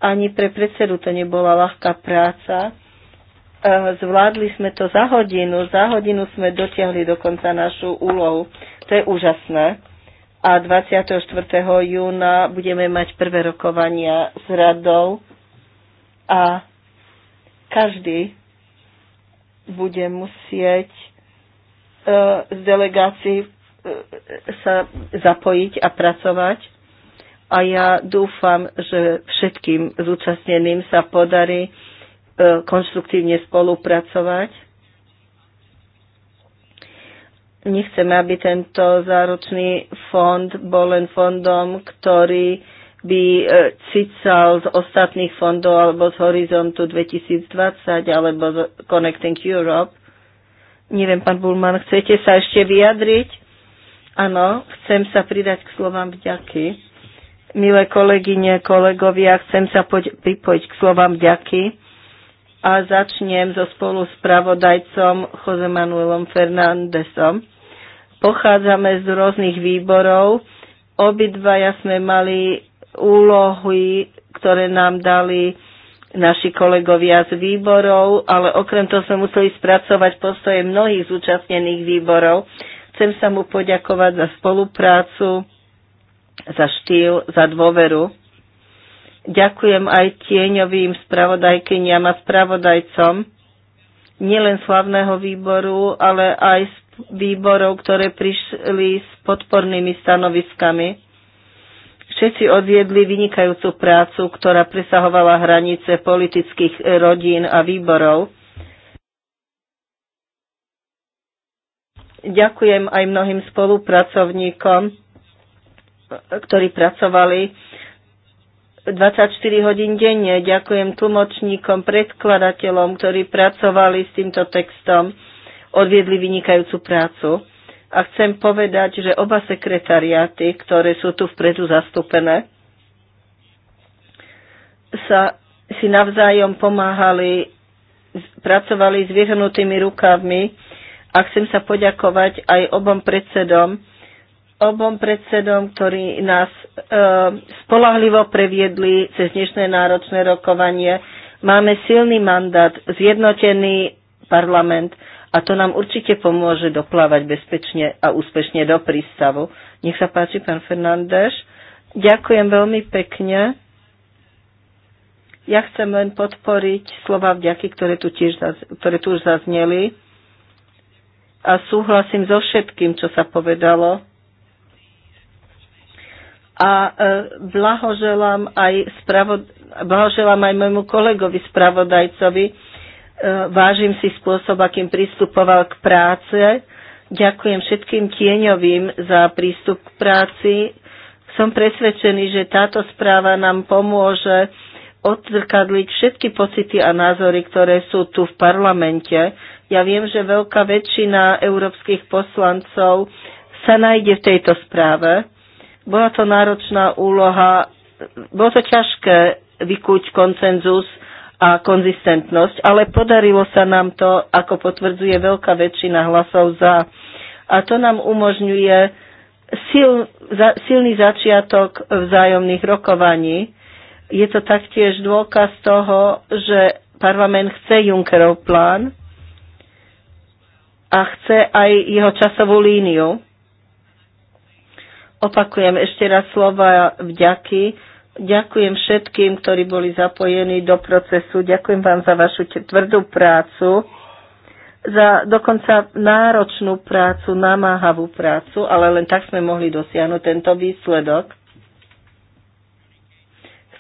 Ani pre predsedu to nebola ľahká práca. E, zvládli sme to za hodinu, za hodinu sme dotiahli dokonca našu úlohu. To je úžasné. A 24. júna budeme mať prvé rokovania s radou a každý bude musieť e, z delegácií e, sa zapojiť a pracovať. A ja dúfam, že všetkým zúčastneným sa podarí e, konštruktívne spolupracovať. Nechceme, aby tento záročný fond bol len fondom, ktorý by e, CICAL z ostatných fondov alebo z Horizontu 2020 alebo z Connecting Europe. Neviem, pán Bulman, chcete sa ešte vyjadriť? Áno, chcem sa pridať k slovám vďaky. Milé kolegyne, kolegovia, chcem sa poď, pripojiť k slovám vďaky a začnem so spolu s pravodajcom Jose Manuelom Fernandesom. Pochádzame z rôznych výborov, obidvaja sme mali úlohy, ktoré nám dali naši kolegovia z výborov, ale okrem toho sme museli spracovať postoje mnohých zúčastnených výborov. Chcem sa mu poďakovať za spoluprácu, za štýl, za dôveru. Ďakujem aj tieňovým spravodajkyniam a spravodajcom, nielen slavného výboru, ale aj z výborov, ktoré prišli s podpornými stanoviskami Všetci odviedli vynikajúcu prácu, ktorá presahovala hranice politických eh, rodín a výborov. Ďakujem aj mnohým spolupracovníkom, eh, ktorí pracovali 24 hodín denne. Ďakujem tlmočníkom, predkladateľom, ktorí pracovali s týmto textom, odviedli vynikajúcu prácu. A chcem povedať, že oba sekretariáty, ktoré sú tu vpredu zastúpené, sa si navzájom pomáhali, pracovali s vyhrnutými rukavmi a chcem sa poďakovať aj obom predsedom, obom predsedom, ktorí nás e, spolahlivo previedli cez dnešné náročné rokovanie. Máme silný mandát, zjednotený parlament a to nám určite pomôže doplávať bezpečne a úspešne do prístavu. Nech sa páči, pán Fernández. Ďakujem veľmi pekne. Ja chcem len podporiť slova vďaky, ktoré tu, tiež, ktoré tu už zazneli. A súhlasím so všetkým, čo sa povedalo. A e, blahoželám, aj spravod- blahoželám aj môjmu kolegovi spravodajcovi, Vážim si spôsob, akým pristupoval k práce. Ďakujem všetkým tieňovým za prístup k práci. Som presvedčený, že táto správa nám pomôže odzrkadliť všetky pocity a názory, ktoré sú tu v parlamente. Ja viem, že veľká väčšina európskych poslancov sa nájde v tejto správe. Bola to náročná úloha, bolo to ťažké vykúť koncenzus a konzistentnosť, ale podarilo sa nám to, ako potvrdzuje veľká väčšina hlasov za. A to nám umožňuje sil, za, silný začiatok vzájomných rokovaní. Je to taktiež dôkaz toho, že parlament chce Junckerov plán a chce aj jeho časovú líniu. Opakujem ešte raz slova vďaky Ďakujem všetkým, ktorí boli zapojení do procesu. Ďakujem vám za vašu tvrdú prácu, za dokonca náročnú prácu, namáhavú prácu, ale len tak sme mohli dosiahnuť tento výsledok.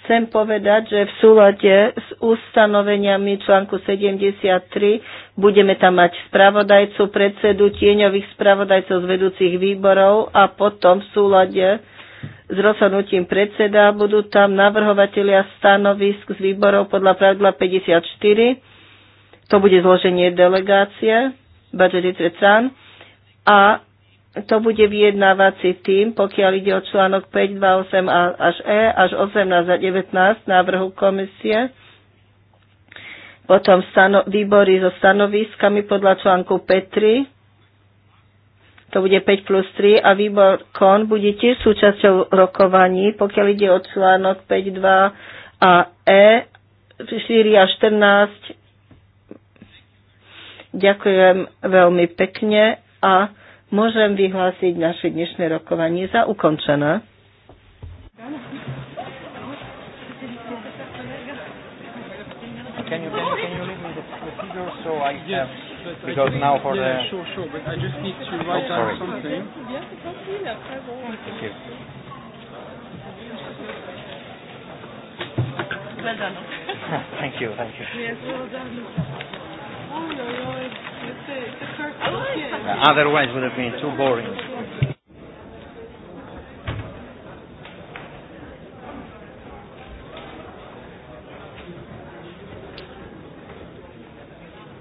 Chcem povedať, že v súlade s ustanoveniami článku 73 budeme tam mať spravodajcu, predsedu, tieňových spravodajcov z vedúcich výborov a potom v súlade s rozhodnutím predseda. Budú tam navrhovatelia stanovisk z výborov podľa pravidla 54. To bude zloženie delegácie, budget recan. A to bude vyjednávací tým, pokiaľ ide o článok 5, 2, 8 a až E, až 18 a 19 návrhu komisie. Potom stano- výbory so stanoviskami podľa článku 5. 3 to bude 5 plus 3 a výbor KON bude tiež súčasťou rokovaní, pokiaľ ide o článok 5.2 a E 4 a 14. Ďakujem veľmi pekne a môžem vyhlásiť naše dnešné rokovanie za ukončené. Can you, can can you leave me the, the so I yes. Because now for the... Yeah, sure, sure, but I just need to oh, write oh, down something. Thank you. Well done. thank you, thank you. Yes, well done. Oh, no, no, it's, it's, it's a, it's a oh, Otherwise, it would have been too boring.